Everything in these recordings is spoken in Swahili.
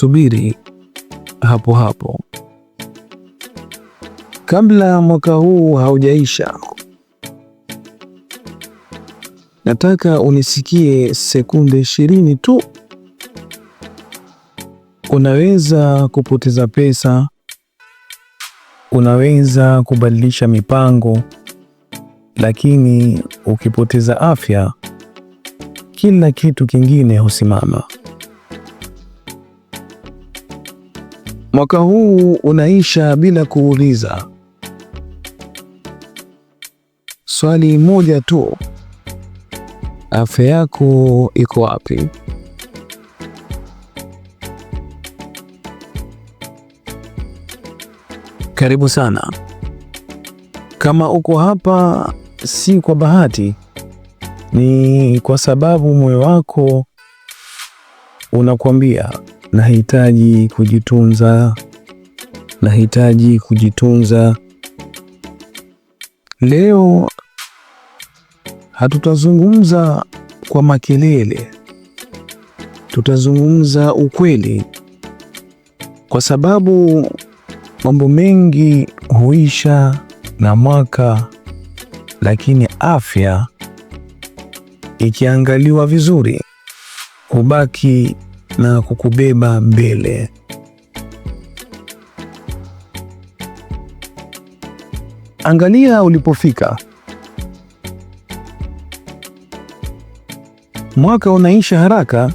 kusubiri hapo hapo kabla mwaka huu haujaisha. Nataka unisikie sekunde ishirini tu. Unaweza kupoteza pesa, unaweza kubadilisha mipango, lakini ukipoteza afya, kila kitu kingine husimama. Mwaka huu unaisha bila kuuliza swali moja tu, afya yako iko wapi? Karibu sana. Kama uko hapa, si kwa bahati, ni kwa sababu moyo wako unakwambia nahitaji kujitunza, nahitaji kujitunza. Leo hatutazungumza kwa makelele, tutazungumza ukweli, kwa sababu mambo mengi huisha na mwaka, lakini afya ikiangaliwa vizuri hubaki na kukubeba mbele. Angalia ulipofika. Mwaka unaisha haraka,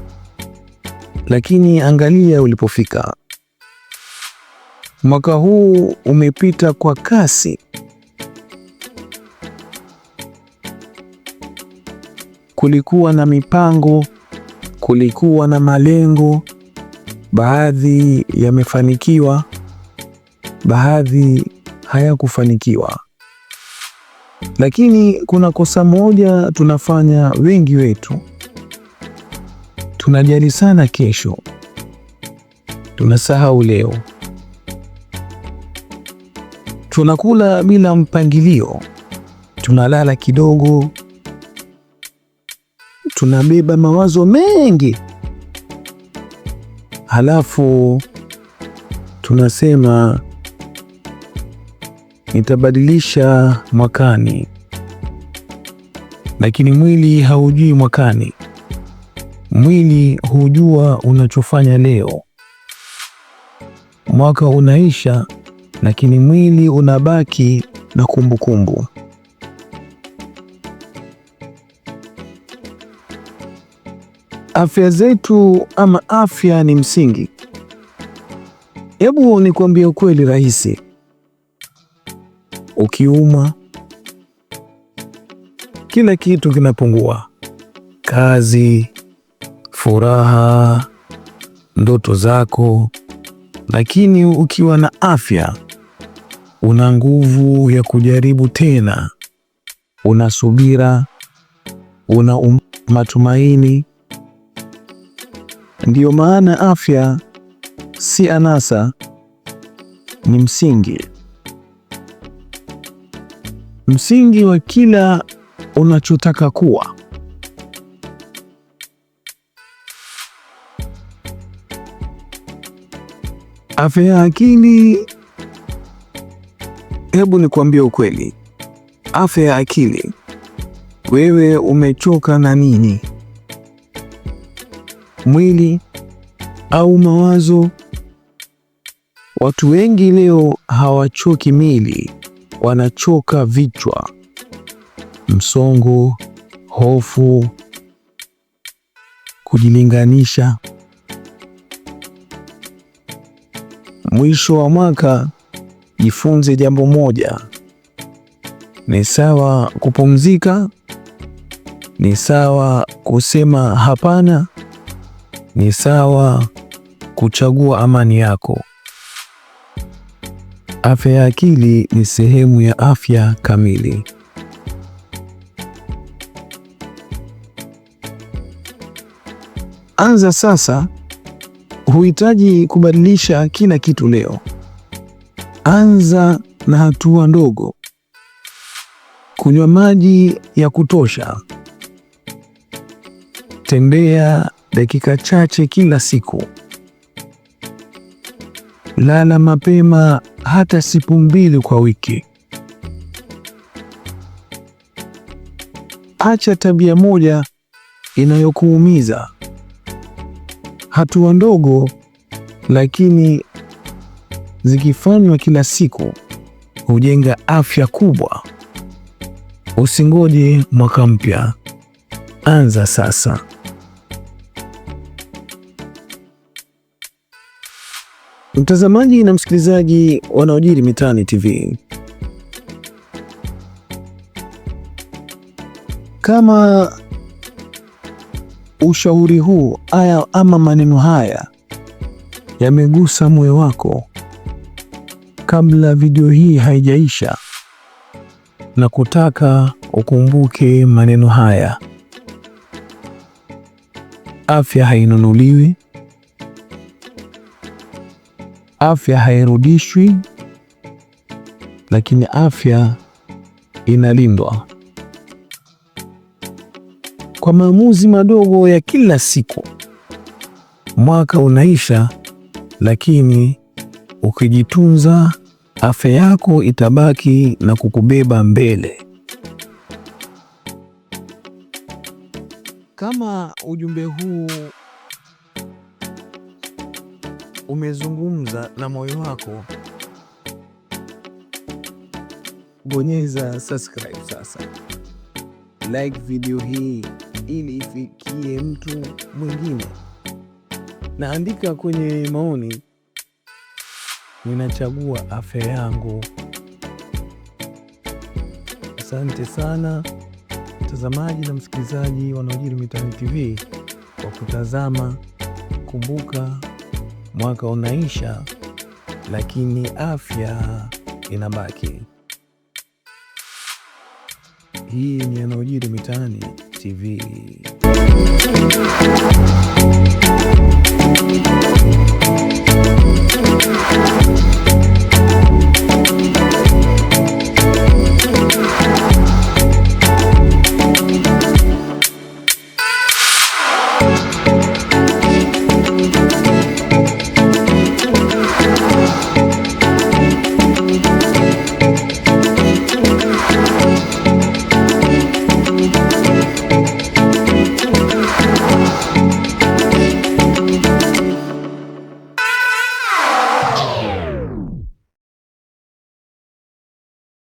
lakini angalia ulipofika. Mwaka huu umepita kwa kasi. Kulikuwa na mipango kulikuwa na malengo, baadhi yamefanikiwa, baadhi hayakufanikiwa. Lakini kuna kosa moja tunafanya wengi wetu, tunajali sana kesho, tunasahau leo. Tunakula bila mpangilio, tunalala kidogo tunabeba mawazo mengi, halafu tunasema nitabadilisha mwakani, lakini mwili haujui mwakani. Mwili hujua unachofanya leo. Mwaka unaisha, lakini mwili unabaki na kumbukumbu kumbu. Afya zetu ama afya ni msingi. Hebu nikuambie ukweli rahisi, ukiumwa kila kitu kinapungua: kazi, furaha, ndoto zako. Lakini ukiwa na afya, una nguvu ya kujaribu tena, una subira, una um-, matumaini. Ndiyo maana afya si anasa, ni msingi, msingi wa kila unachotaka kuwa. Afya ya akili, hebu nikwambie ukweli, afya ya akili, wewe umechoka na nini? mwili au mawazo. Watu wengi leo hawachoki mili, wanachoka vichwa, msongo, hofu, kujilinganisha. Mwisho wa mwaka, jifunze jambo moja: ni sawa kupumzika, ni sawa kusema hapana, ni sawa kuchagua amani yako. Afya ya akili ni sehemu ya afya kamili. Anza sasa. Huhitaji kubadilisha kila kitu leo. Anza na hatua ndogo: kunywa maji ya kutosha, tembea dakika chache kila siku. Lala mapema hata siku mbili kwa wiki. Acha tabia moja inayokuumiza. Hatua ndogo, lakini zikifanywa kila siku hujenga afya kubwa. Usingoje mwaka mpya, anza sasa. mtazamaji na msikilizaji wanaojiri mitaani TV. Kama ushauri huu aya ama maneno haya yamegusa moyo wako, kabla video hii haijaisha, na kutaka ukumbuke maneno haya: afya hainunuliwi, Afya hairudishwi, lakini afya inalindwa kwa maamuzi madogo ya kila siku. Mwaka unaisha, lakini ukijitunza, afya yako itabaki na kukubeba mbele. Kama ujumbe huu umezungumza na moyo wako. Bonyeza subscribe sasa, like video hii ili ifikie mtu mwingine, na andika kwenye maoni, ninachagua afya yangu. Asante sana mtazamaji na msikilizaji yanayojiri mitaani TV kwa kutazama. Kumbuka mwaka unaisha, lakini afya inabaki. Hii ni yanayojiri mitaani TV.